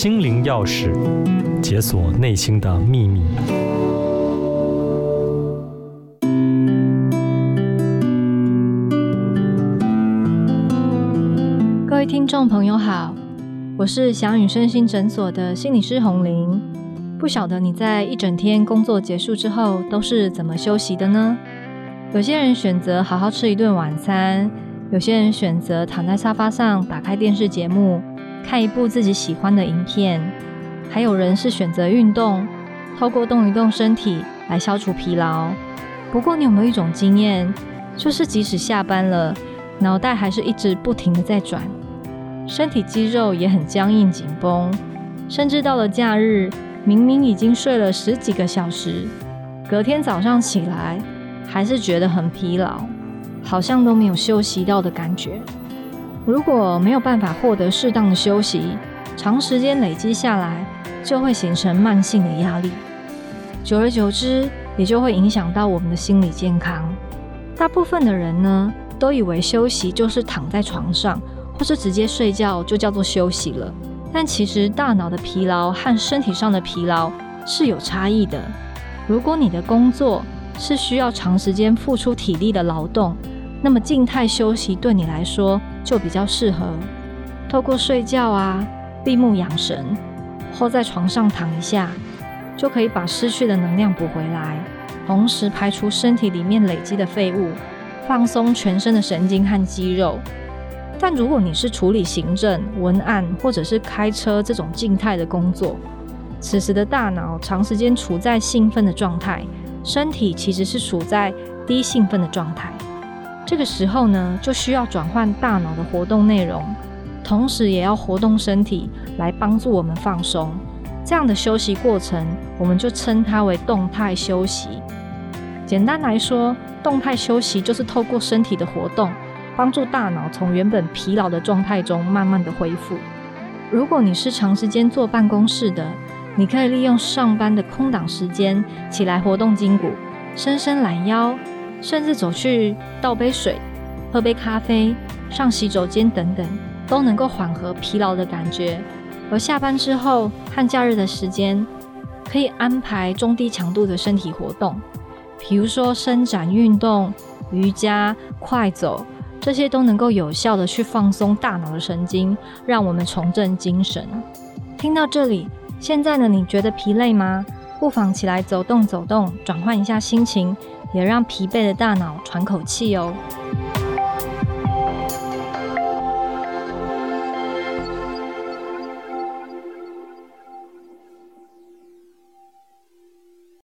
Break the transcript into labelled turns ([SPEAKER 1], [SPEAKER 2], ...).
[SPEAKER 1] 心靈鑰匙，解鎖內心的秘密。各位聽眾朋友好，我是翔宇身心診所的心理師洪玲。不曉得你在一整天工作結束之後都是怎麼休息的呢？有些人選擇好好吃一頓晚餐，有些人選擇躺在沙發上打開電視節目。看一部自己喜歡的影片，還有人是選擇運動，透過動一動身體來消除疲勞。不過，你有沒有一種經驗，就是即使下班了，腦袋還是一直不停地在轉，身體肌肉也很僵硬緊繃，甚至到了假日，明明已經睡了十幾個小時，隔天早上起來還是覺得很疲勞，好像都沒有休息到的感覺。如果沒有辦法獲得適當的休息，長時間累積下來就會形成慢性的壓力，久而久之也就會影響到我們的心理健康。大部分的人呢，都以為休息就是躺在床上或是直接睡覺就叫做休息了，但其實大腦的疲勞和身體上的疲勞是有差異的。如果你的工作是需要長時間付出體力的勞動，那麼靜態休息對你來說就比較適合，透過睡覺啊、閉目養神，或在床上躺一下，就可以把失去的能量補回來，同時排除身體裡面累積的廢物，放鬆全身的神經和肌肉。但如果你是處理行政、文案或者是開車這種靜態的工作，此時的大腦長時間處在興奮的狀態，身體其實是處在低興奮的狀態。這個時候呢，就需要轉換大腦的活動內容，同時也要活動身體，來幫助我們放鬆。這樣的休息過程，我們就稱它為動態休息。簡單來說，動態休息就是透過身體的活動，幫助大腦從原本疲勞的狀態中慢慢地恢復。如果你是長時間坐辦公室的，你可以利用上班的空檔時間，起來活動筋骨，伸伸懶腰。甚至走去倒杯水、喝杯咖啡、上洗手間等等，都能夠緩和疲勞的感覺。而下班之後和假日的時間，可以安排中低強度的身體活動，比如說伸展運動、瑜伽、快走，這些都能夠有效地去放鬆大腦的神經，讓我們重振精神。聽到這裡，現在呢，你覺得疲累嗎？不妨起來走動走動，轉換一下心情。也讓疲憊的大腦喘口氣哦。